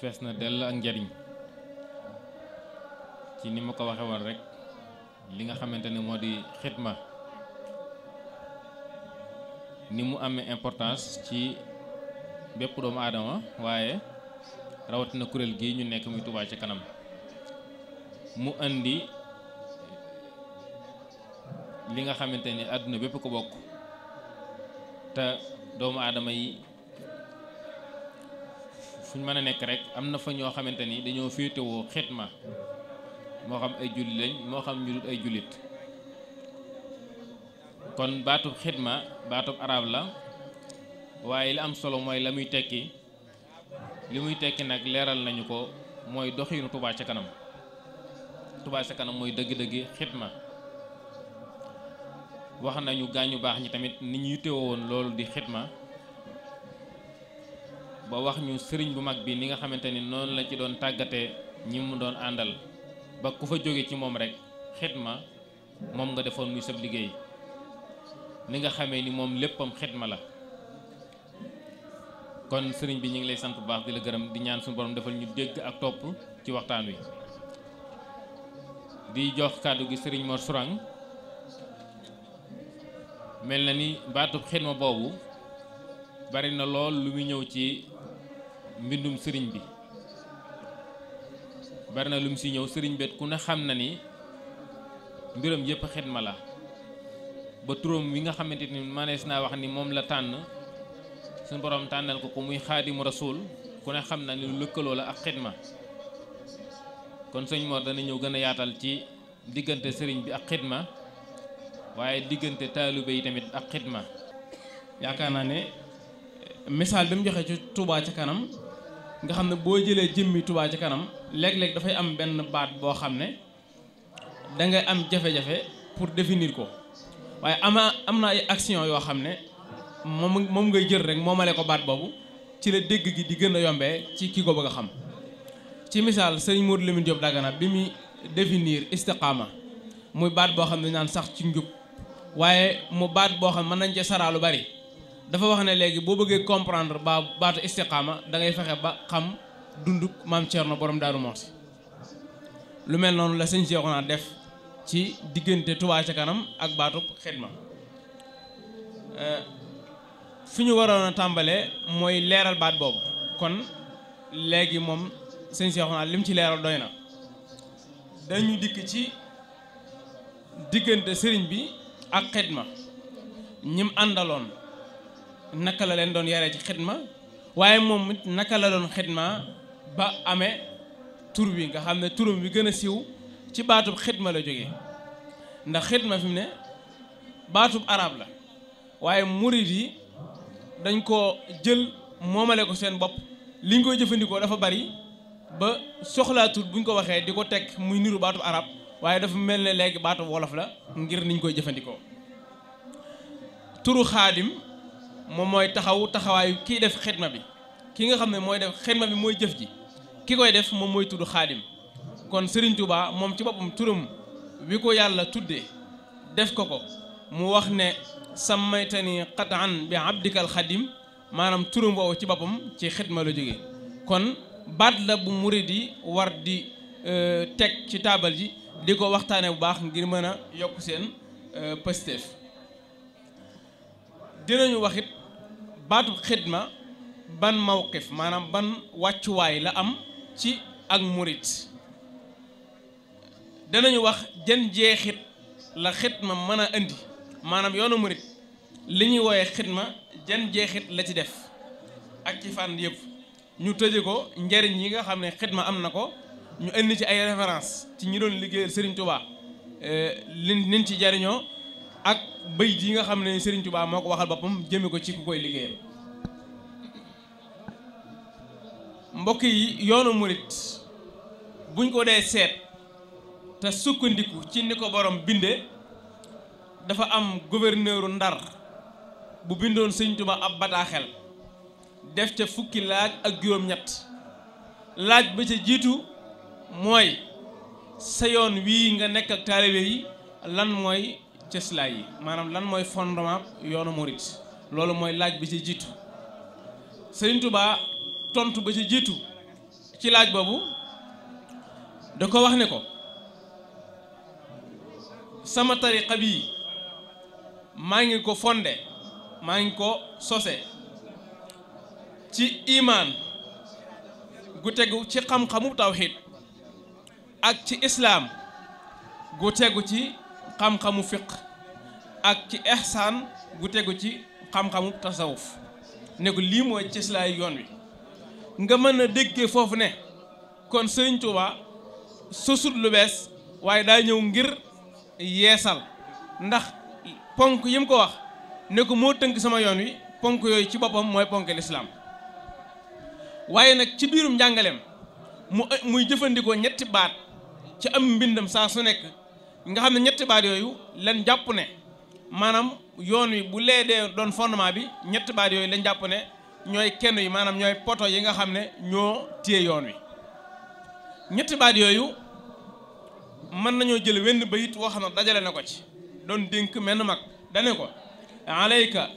fees na dell ak njariñ ci ni ma ko waxe woon rek li nga xamante ne moo di xidma ni mu amee importance ci bépp doomu aadama waaye rawatina kuréel gi ñu nekk muy Touba ci kanam mu indi li nga xamante ne àdduna bépp ko bokk te doomu aadama yi fuñ mën a nekk rek am na fa ñoo xamante ni dañoo féetewoo ma moo xam ay jullit lañ moo xam ñu dul ay jullit kon baatub ma baatub arab la waaye li am solo mooy la muy tekki li muy tekki nag leeral nañu ko mooy doxinu Touba ca kanam Touba ca kanam mooy dëgg-dëggi ma wax nañu gaañu baax ñi tamit ni ñu yittewoo loolu di xitma ba wax ñu sëriñ bu mag bi ni nga xamante ni noonu la ci doon tàggate ñi mu doon àndal ba ku fa jóge ci moom rek ma moom nga defoon muy sab liggéey ni nga xamee ni moom léppam ma la kon sëriñ bi ñu ngi lay sant bu baax di la gërëm di ñaan su boroom defal ñu dégg ak topp ci waxtaan wi di jox kàddu gi sëriñ Mor Sourang mel na ni baatub xidma boobu bari na lool lu muy ñëw ci mbindum sëriñ bi bari na lum si ñëw sëriñ bet ku ne xam na ni mbiram yëpp xidma la ba turam wi nga xamante ni naa wax ni moom la tànn suñu borom tànnal ko ko muy xaadimu rasul ku ne xam na ni lu lëkkaloo la ak xidma kon sëñ Mor dana ñëw gën a yaatal ci diggante sëriñ bi ak xidma waaye diggante taalibe yi tamit ak xidma yaakaar naa ne misaal bi mu joxe ci Touba ca kanam nga xam ne boo jëlee jëmmi Touba ca kanam léeg-léeg dafay am benn baat boo xam ne dangay am jafe-jafe pour définir ko waaye am am naa ay action yoo xam ne moom moom ngay jël rek moomale ko baat boobu ci la dégg gi di gën a yombee ci kii ko bëgg a xam ci misaal sëriñ Modou Lamine Diop Dagana bi muy définir istiqaama muy baat boo xam ne naan sax ci njub waaye mu baat boo xam mën nañ cee saraa lu bari dafa wax ne léegi boo bëggee comprendre ba baatu istiqaama dangay fexe ba xam dunduk maam Thierno borom Daaru Muxti lu mel noonu la sëñ Cheikhouna def ci diggante Touba ca kanam ak baatu xidma euh, fi ñu waroon a tàmbalee mooy leeral baat boobu kon léegi moom sëñ Cheikhouna lim ci leeral doy na dañu dikk ci diggante sëriñ bi ak ma ñim àndaloon naka la leen doon yaree ci xidma waaye moom naka la doon xidma ba amee tur bi nga xam ne turam bi gën a siiw ci baatub xidma la jóge ndax xidma fi mu ne baatub arab la waaye murid yi dañ ko jël moomale ko seen bopp liñ koy jëfandikoo dafa bari ba soxlaatul buñ ko waxee di ko tekk muy niru baatub arab waaye dafa mel ne léegi baatub wolof la ngir niñ koy jëfandikoo moom mooy taxaw taxawaayu kii def xidma bi ki nga xam ne mooy def xidma bi mooy jëf ji ki koy def moom mooy tudd xaadim kon Serigne Touba moom ci boppam turam wi ko yàlla tuddee def ko ko mu wax ne sammaytani qataan bi abdikal xadim maanaam turam woowu ci boppam ci xidma la jógee kon baat la bu murid yi war di e, teg ci taabal ji di ko waxtaane bu baax ngir mën a yokk seen e, pësteef dinañu wax baatu xidma ban mawqif maanaam ban wàccuwaay la am ci ak murit danañu wax jën jeexit la xidma mën a indi maanaam yoonu murit li ñuy wooye xidma jën jeexit la ci def ak ci fànn yëpp ñu tëje ko njariñ yi nga xam ne xidma am na ko ñu indi ci ay référence ci ñi doon liggéeyal Serigne eh, li liñ ci jariñoo ak bëy ji nga xam ne Serigne Touba moo ko waxal boppam jëme ko ci ku koy liggéeyal mbokk yi yoonu murit buñ ko dee seet te sukkandiku ci ni ko boroom binde dafa am gouverneuru Ndar bu bindoon Serigne Touba ab bataaxel def ca fukki laaj ak juróom-ñett laaj bi ca jiitu mooy sa yoon wii nga nekk ak taalibe yi lan mooy cëslaay yi maanaam lan mooy fondement yoonu murit loolu mooy laaj bi ci jiitu Sëriñ Tuubaa tontu ba ci jiitu ci laaj boobu da ko wax ne ko sama tariqa yi maa ngi ko fonde maa ngi ko sose ci imaan gu tegu ci xam-xamu tawxiid ak ci islaam gu tegu ci xam-xamu fiq ak ci ihsaan gu tegu ci xam-xamu tasawuf ne ko lii mooy cëslaay yoon wi nga mën a déggee foofu ne kon sëriñ Touba sosut lu bees waaye daa ñëw ngir yeesal ndax ponk yi mu ko wax ne ko moo tënk sama yoon wi ponk yooyu ci boppam mooy ponk lislaam waaye nag ci biirum njàngaleem mu muy jëfandikoo ñetti baat ci am mbindam saa su nekk nga xam ne ñetti baat yooyu leen jàpp ne maanaam yoon wi bu lee dee doon fondement bi ñetti baat yooyu leen jàpp ne ñooy kenn yi maanaam ñooy poto yi nga xam ne ñoo téye yoon wi ñetti baat yooyu mën nañoo jël wenn bayit woo xam ne dajale na ko ci doon dénk menn mag dane ko alayka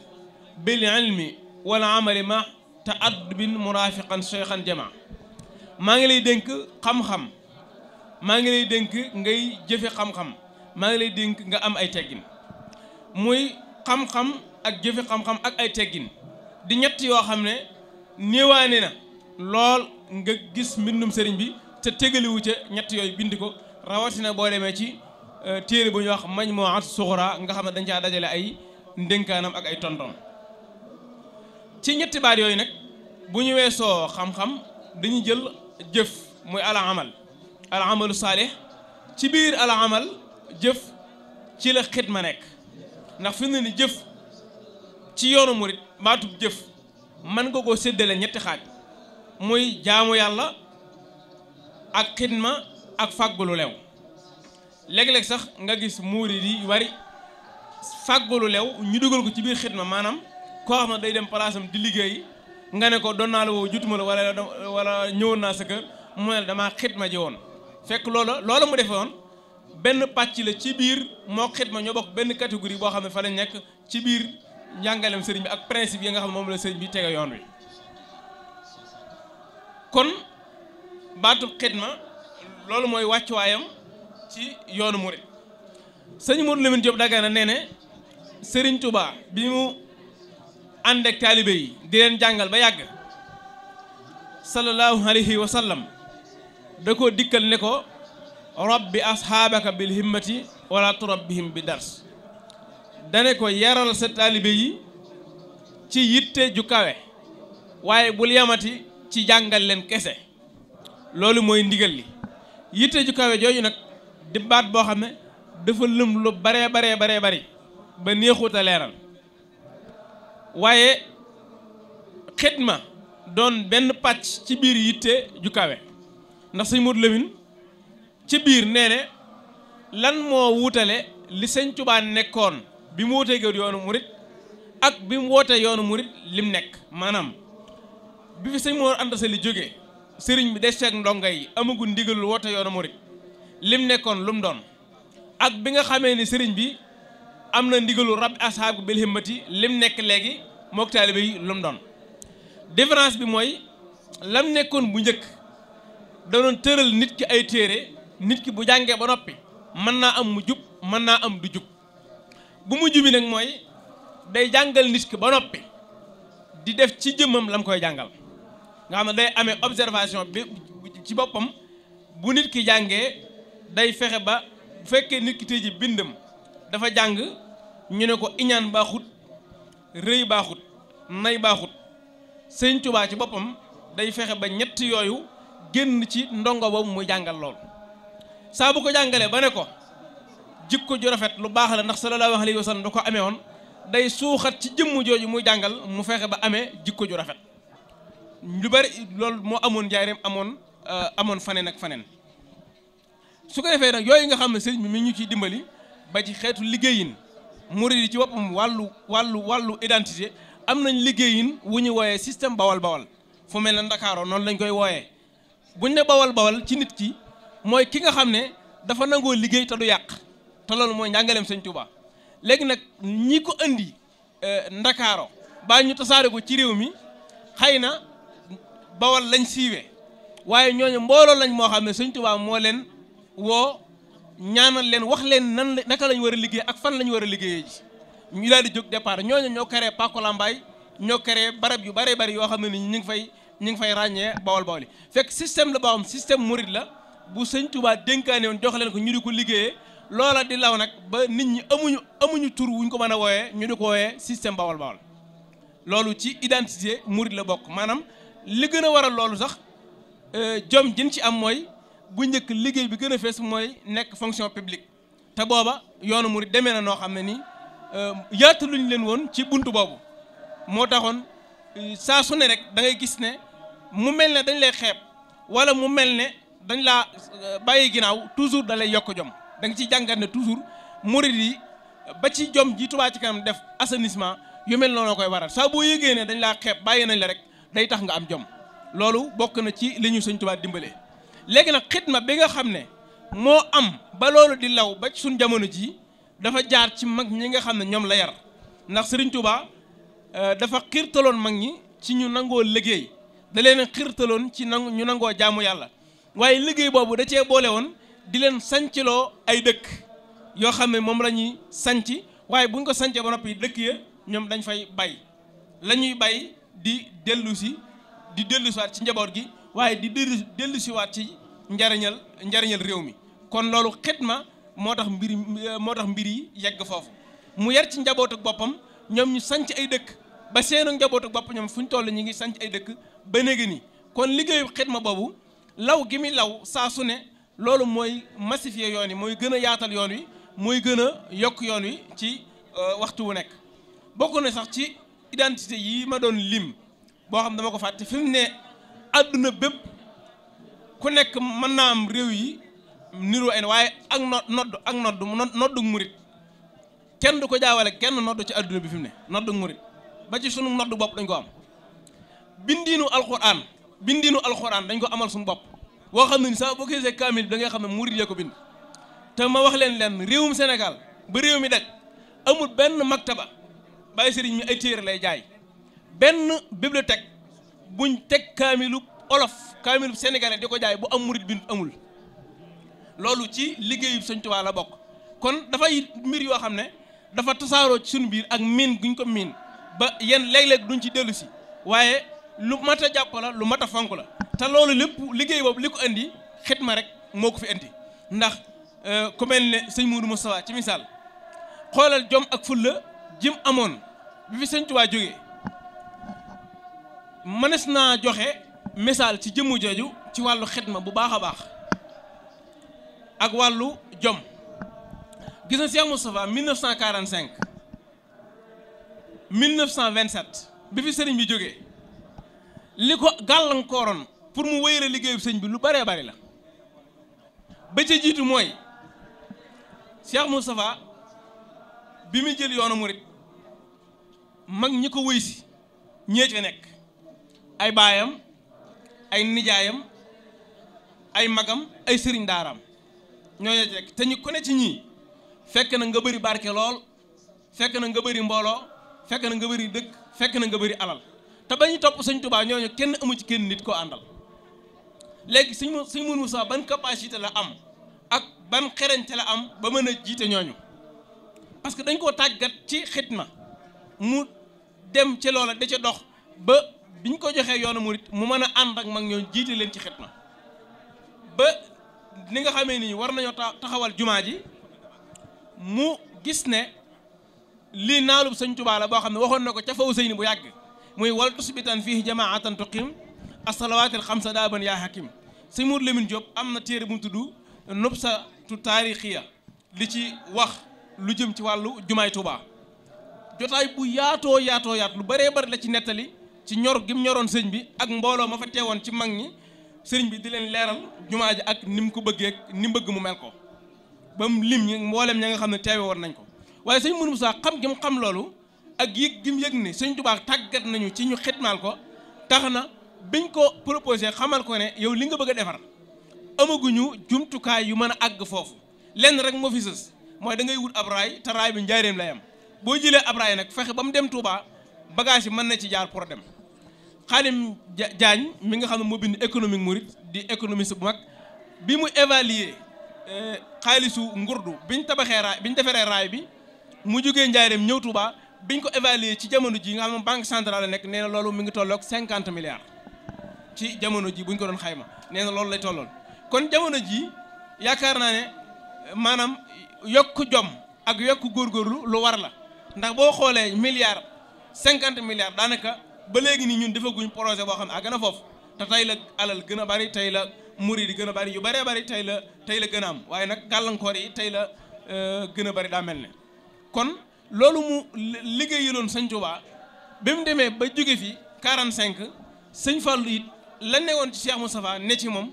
bil ilmi wal amali ma ta'addubin murafiqan shaykhan jamaa maa ngi lay dénk xam-xam maa ngi lay dénk ngay jëfe xam-xam maa ngi lay dénk nga am ay teggin muy xam-xam ak jëfe xam-xam ak ay teggin di ñetti yoo xam ne néewaane na lool nga gis mbindum sëriñ bi te tegaliwu ca ñetti yooyu bindi ko rawatina boo demee ci euh, téere bu ñuy wax mañ moo at suxura nga xam ne dañ caa dajale ay ndénkaanam ak ay tontom ci ñetti baat yooyu nag bu ñu weesoo xam-xam dañuy jël jëf muy ala amal al amalu saalih ci biir al jëf ci la ma nekk ndax fi mu ne ni jëf ci yoonu murit baatub jëf man nga ko séddale ñetti xaaj muy jaamu yàlla ak ma ak fàggulu lew léeg-léeg sax nga gis murit yi wari fàggulu lew ñu dugal ko ci biir ma maanaam koo xam ne day dem place am di liggéey nga ne ko doon naa la woo jutuma la wala wala ñëwoon naa sa kër mu ne damaa xidma ji woon fekk loola loola mu defoon benn pàcc la ci biir moo xidma ñoo bokk benn catégorie boo xam ne fa lañ nekk ci biir njàngalem sëriñ bi ak principe yi nga xam ne moom la sëriñ bi tege yoon wi kon baatub xidma loolu mooy wàccuwaayam ci yoonu murit sëñ Modou Lamine Diop Dagana nee ne sëriñ Touba bi mu ànd taalibe yi di leen jàngal ba yàgg sallallahu alayhi wa sallam da koo dikkal ne ko rabbi asxaabaka bil himmati wala turabbihim bi dars dane ko yaral sa taalibe yi ci yitte ju kawe waaye bu yamati ci jàngal leen kese loolu mooy ndigal li yitte ju kawe jooju nag di baat boo xam ne dafa lëm lu baree baree baree bari ba neexut leeral waaye xidma doon benn pàcc ci biir yitte ju kawe ndax sëñ Modou Lamine ci biir nee lan moo wutale li sëñ Tuubaa nekkoon bi mu wootee yoonu murit ak bi mu wootee yoonu murit lim nekk maanaam bi fi sëñ Mor Anta Sali jógee sëriñ bi des ceeg ndongo yi amagul ndigalul woote yoonu murit lim nekkoon lum doon ak bi nga xamee ni sëriñ bi am na ndigalul rab ashaabu bil himmati lim nekk léegi mook taalibe yi lum doon différence bi mooy lam nekkoon bu njëkk da tëral nit ki ay téere nit ki bu jàngee ba noppi mën naa am mu jub mën naa am du jub bu mu jubi nag mooy day jàngal nit ki ba noppi di def ci jëmmam lam koy jàngal nga xam ne day amee observation bi ci boppam bu nit ki jàngee day fexe ba bu fekkee nit ki tey ji bindam dafa jàng ñu ne ko iñaan baaxut rëy baaxut nay baaxut sëñ Tuubaa ci boppam day fexe ba ñett yooyu génn ci ndongo boobu muy jàngal lool saa bu ko jàngalee ba ne ko jikko ju rafet lu baax la ndax sallallahu alayhi wa sallam da ko amee woon day suuxat ci jëmm jooju muy jàngal mu fexe ba amee jikko ju rafet lu bari loolu moo amoon njaareem amoon euh, amoon faneen ak faneen su ko defee nag yooyu nga xam ne sëriñ bi mi ñu ciy dimbali ba ci xeetu liggéeyin murid yi ci boppam wàllu wàllu wàllu identité am nañ liggéeyin wu ñu wooyee système bawal bawal fu mel ne Ndakaaroo noonu lañ koy wooyee buñ ne bawal bawal ci nit ki mooy ki nga xam ne dafa nangoo liggéey te du yàq te loolu mooy njàngaleem sëñ Touba léegi nag ñi ko andi euh, ndakaaro baa ñu tasaare ko ci réew mi xëy na bawal lañ siiwee waaye ñooñu mbooloo lañ moo xam ne sëñ Touba moo leen woo ñaanal leen wax leen nan la naka war a liggéey ak fan lañ war a liggéeyee ji ñu daal di jóg départ ñooñu ñoo créé Pakolambaay ñoo créé barab yu bare bari yoo xam ne ni ñu ngi fay ñu ngi fay ràññee bawol bawol fekk système la boo xam système murid la bu sëñ Touba dénkaane yoon jox leen ko ñu di ko liggéeyee loola di law nag ba nit ñi amuñu amuñu tur wuñ ko mën a wooyee ñu di ko wooyee système bawol bawol loolu ci identité murid la bokk maanaam li gën a waral loolu sax euh, jom jën ci am mooy bu njëkk liggéey bi gën a fees mooy nekk fonction publique te booba yoonu murid demee na noo xam ne nii euh, yaataluñ leen woon ci buntu boobu saa su ne rek da ngay gis ne mu mel ne dañ lay xeeb wala mu mel ne dañ laa euh, bàyyi ginnaaw toujours da lay yokk jom da nga ciy jàngat ne toujours murid yi ba ci jom ji Touba ci kanam def assainissement yu mel noonu koy waral saa boo yëgee ne dañ laa xeeb bàyyi nañ la rek day tax nga am jom loolu bokk na ci li ñu Sëñ Touba dimbalee léegi nag xit xitma bi nga xam ne moo am ba loolu di law ba suñu jamono ji dafa jaar ci mag ñi nga xam ne ñoom la yar ndax Serigne Euh, dafa xiirtaloon mag ñi ci ñu nangoo liggéey da leen xiirtaloon ci nangu ñu nangoo jaamu yàlla waaye liggéey boobu da cee boole woon di leen sancloo ay dëkk yoo xam ne moom lañuy sanc waaye buñ ko sancee ba noppi dëkk ya ñoom dañ fay bay la ñuy bay di dellu si di dellu siwaat ci njaboot gi waaye di dellu siwaat ci njariñal njariñal réew mi kon loolu ma moo tax mbir moo tax mbir yi yegg foofu mu yar ci njabootu boppam ñoom ñu sanc ay dëkk ba seenu njabootu bopp ñoom fu ñu toll ñu ngi sanc ay dëkk ba léegi nii kon liggéeyu ma boobu law gi muy law saa su ne loolu mooy massifier yoon yi mooy gën a yaatal yoon wi mooy gën a yokk yoon wi ci euh, waxtu wu nekk bokk na sax ci identité yi ma doon lim boo xam dama ko fàtte fi ne àdduna bépp ku nekk mën naa am réew yi niroo ay waaye ak nodd ak nodd noddug murit kenn du ko jaawale kenn nodd ci àdduna bi fim mu ne noddug murit ba ci sunu noddu bopp dañ ko am bindiinu alxuraan bindiinu alxuraan dañ ko amal suñu bopp boo xam ne ni saa boo ko kaamil bi ngay xam ne murid ya ko bind te ma wax leen leen réewum senegal ba réew mi daj amul benn maktaba bàyyi sëriñ mi ay téere lay jaay benn bibliothèque buñ teg kaamilu olof kaamilu sénégalais di ko jaay bu am murid bind amul loolu ci liggéeyu Sëñ Tuubaa la bokk kon dafay mbir yoo xam ne dafa tasaaroo ci suñu biir ak miin guñ ko miin ba yéen léeg-léeg duñ ci dellu si waaye lu mat a jàpp la lu mat a fonk la te loolu lépp liggéey boobu li ko indi ma rek moo ko fi indi ndax euh, ku mel ne sëñ Mourou Moustapha ci misaal xoolal jom ak fulla jim amoon bi fi sëñ Tuubaa jógee mënees naa joxe misaal ci jëmmu jooju ci wàllu ma bu baax a baax ak wàllu jom gis na Cheikh Moustapha 1945 1927 bi fi sëriñ bi jóge li ko gàllankooroon pour mu wéyale liggéeyu sëñ bi lu bëree bëri la ba ca jiitu mooy Cheikh Moustapha bi mu jël yoona mu murit mag ñi ko wëy si ñee ca nekk ay baayam ay nijaayam ay magam ay sëriñ daaram ñoo ñee ca nekk te ñu ko ci ñii fekk na nga bëri barke lool fekk na nga bëri mbooloo fekk na nga bëri dëkk fekk na nga bari alal te ba bañu topp sëñ Tuubaa ñooñu kenn amu ci kenn nit koo àndal léegi sëñ sëñ Mourou Moussa ban capacité la am ak ban xereñte la am ba mën a jiite ñooñu parce que dañ koo tàggat ci xitma mu dem ci loola da ca dox ba biñ ko joxee yoonu murit mu mën a ànd ak mag ñooñu jiite leen ci xitma ba ni nga xamee ni war nañoo taxawal jumaa ji mu gis ne lii naalub sëñ Tuubaa la boo xam ne waxoon na ko ca faw sëyni bu yàgg muy wal tusbitan fii jamaatan tuqim asalawaatil xamsa daaban yaa hakim sëñ Mour Lamine Diop am na téere bu mu tudd nubsatu taarixiya li ci wax lu jëm ci wàllu jumaay Tuubaa jotaay bu yaatoo yaatoo yaat lu bëree bëri la ci nettali ci ñor mu ñoroon sëñ bi ak mbooloo ma fa teewoon ci mag ñi sëriñ bi di leen leeral jumaa ji ak ni mu ko bëggee ni mu bëgg mu mel ko ba mu mboolem ña nga xam ne teewe woon nañ ko waaye sëñ Mourou Moussa xam gi mu xam loolu ak yëg gi mu yëg ni sëñ Tuubaa tàggat nañu ci ñu xitmaal ko tax na biñ ko proposé xamal ko ne yow li nga bëgg a defar amaguñu jumtukaay yu mën a àgg foofu lenn rek moo mooy da ngay wut ab raay te raay bi njaareem lay am boo jëlee ab raay nag fexe ba mu dem Touba bagage yi mën na ci jaar pour dem Xaadim Jaañ mi nga xam ne moo bind économique murit di économiste bu mag bi mu évaluer euh, xaalisu ngurdu biñ tabaxee raay biñ defaree raay bi mu jógee Njaaréem ñëw bi ñu ko évaluer ci jamono ji nga xam ne banque centrale nekk nee na loolu mi ngi tolloog cinquante milliards ci jamono ji buñ ko doon xayma nee na loolu lay tollool kon jamono ji yaakaar naa ne maanaam yokk jom ak yokk góor góorlu lu war la ndax boo xoolee milliards cinquante milliards daanaka ba léegi nii ñun defaguñ projet boo xam ne a gën a foofu te tey la alal gën a bari tey la muri di gën a bari yu baree bari tey la tey la gën a am waaye nag gàllankoor yi tey la euh, gën a bari daa mel ne kon loolu mu liggéeyaloon sëñ Tuubaa bi mu demee ba jóge fi 45 sëñ Fallou it la ne woon ci mu Moustapha ne ci moom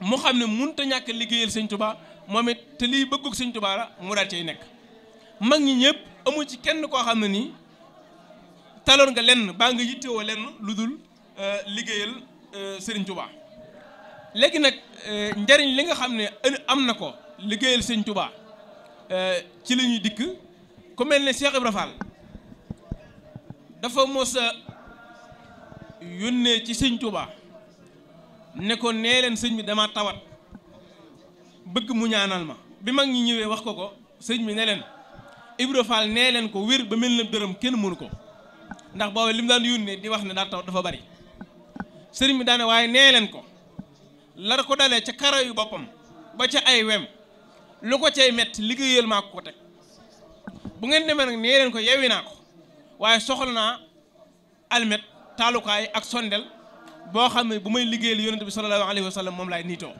mu xam ne mënut a ñàkk liggéeyal sëñ Tuubaa moom it te liy bëggug sëñ Tuubaa la mu daal cay nekk. mag ñi ñëpp amul ci kenn koo xam na nii taloon nga lenn baa nga yittewoo lenn lu dul euh, liggéeyal euh, sëriñ Tuubaa léegi nag euh, njariñ li nga xam ne am na ko liggéeyal sëñ Tuubaa. Euh, ci la ñuy dikk ko mel ne Cheikh Ibra Fall dafa mosa yónnee ci sëñ Touba ne ko nee leen sëñ bi dama tawat bëgg mu ñaanal ma bi mag ñi ñëwee wax ko ko sëñ bi ne leen Ibra Fall nee leen ko wér ba mel na dërëm kenn mënu ko ndax booba li mu daan yónnee di wax ne daa taw dafa bari sëriñ bi daane waaye nee leen ko lar ko dalee ca karaw yu boppam ba ca ay wem lu ko cay metti liggéeyal maa ko teg bu ngeen demee nag nee leen ko yewi naa ko waaye soxla naa almet taalukaay ak sondeel boo xam ne bu may liggéeyal yonent bi sallallahu alayhi wa moom laay niitoo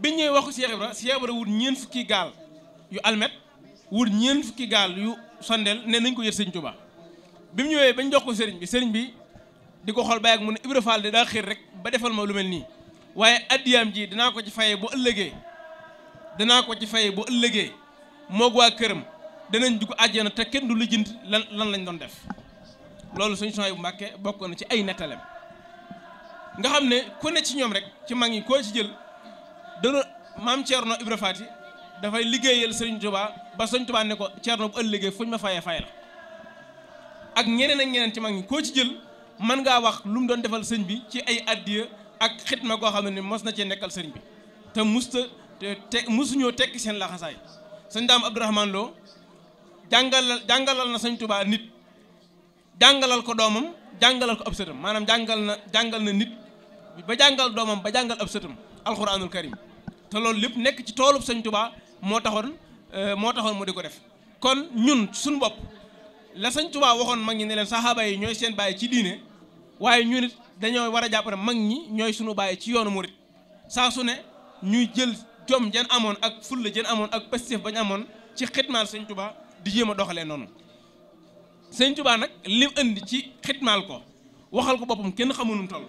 biñ waxu Cheikh Ibra Cheikh Ibra fukki gaal yu almet wut ñeen fukki gaal yu sondel ne nañ ko yët sëñ ba bi mu ñëwee bañ jox ko sëriñ bi sëriñ bi di ko xool bàyyi ak mu ne Ibra Fall de daa xiir rek ba defal ma lu mel nii waaye addiyaam ji dinaa ko ci fayee bu ëllëgee danaa ko ci fay bu ëllëgee moog waa këram danañ dugg àjjana te kenn du lijjanti lan lan lañ doon def loolu suñu son bu Mbàkke bokk na ci ay nettalem nga xam ne ku ne ci ñoom rek ci mag ñi koo ci jël dana maam Thierno Ibra Fati dafay liggéeyal Sëriñ Tuubaa ba Sëriñ Tuubaa ne ko Thierno bu ëllëgee fuñ ma fayee fay la ak ñeneen ak ñeneen ci mag ñi koo ci jël mën ngaa wax lu mu doon defal sëñ bi ci ay addiya ak xitma koo xam ne mos na cee nekkal sëriñ te te mosuñoo tekki seen laxasaay sëñ daam Abdourahman Lo jàngalal jàngalal na sëñ tubaa nit jàngalal ko doomam jàngalal ko ab sëtam maanaam jàngal na jàngal na nit ba jàngal doomam ba jàngal ab sëtam alxuraanul karim te loolu lépp nekk ci toolub sëñ tubaa moo taxoon euh, moo taxoon mu di ko def kon ñun suñu bopp la sëñ Tuubaa waxoon mag ñi ne leen saxaaba yi ñooy seen bàyyi ci diine waaye ñu nit dañoo war a jàpp mag ñi ñooy suñu bàyyi ci yoonu murit saa su ne ñuy jël jom jan amoon ak fulla jan amoon ak pastéef bañ amoon ci xitmaal sëñ Tuubaa di jéem a doxalee noonu sëñ Tuubaa nag lim indi ci xitmaal ko waxal ko boppam kenn xamunum toll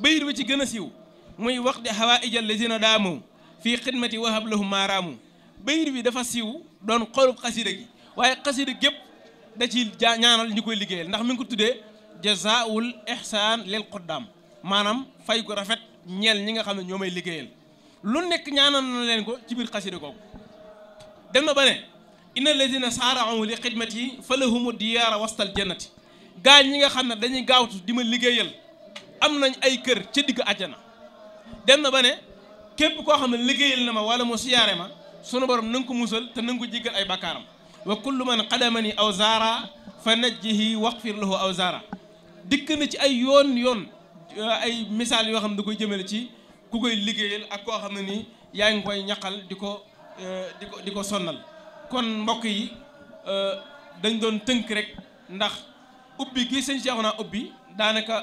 bayit bi ci gën a siiw muy wax di hawaaija lazina daamu fii xidmati wahab lahum maaraamu bayit bi dafa siiw doon xolub xasida gi waaye xasida gépp da ci jaa ñaanal ñu koy liggéeyal ndax mi ngi ko tuddee jazaawul ihsaan lil quddaam maanaam fay ku rafet ñeel ñi nga xam ne ñoo may liggéeyal lu nekk ñaanal na leen ko ci biir xasida googu dem na ba ne ina inna lazina saara'u li xidmati fa lahumu diyaara wastal jannati gaa yi nga xam ne dañuy gaawtu di ma liggéeyal am nañ ay kër ca digg àjjana dem na ba ne képp koo xam ne liggéeyal na ma wala mu siyaare ma sunu borom na nga ko musal te na nga ko jéggal ay bakkaaram wa kullu man qadamani aw zaara fa fiir la lahu aw zaara dikk na ci ay yoon yoon ay misaal yoo xam ne da koy jëmale ci bu koy liggéeyal ak koo xam ne nii yaa ngi koy ñaqal di ko euh, di ko di ko sonnal kon mbokk yi euh, dañ doon tënk rek ndax ubbi gi sëñ Cheikhouna ubbi daanaka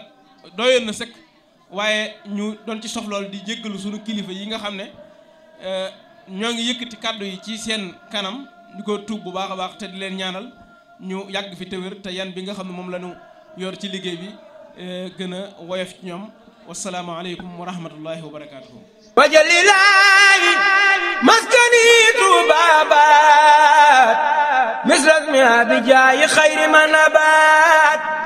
doyoon na sëkk waaye ñu doon ci soxlool di jéggalu sunu kilifa yi nga xam ne euh, ñoo ngi yëkkati kàddu yi ci seen kanam di ko tuub bu baax a baax te di leen ñaanal ñu yàgg fi te te yan bi nga xam ne moom la yor ci liggéey bi gën a woyof ci ñoom wassalaamu aleykum wa rahmatullahi wa barakaatuhu wajalilaayi maskanitu baabaat misras mi abijaayi xayri ma nabaat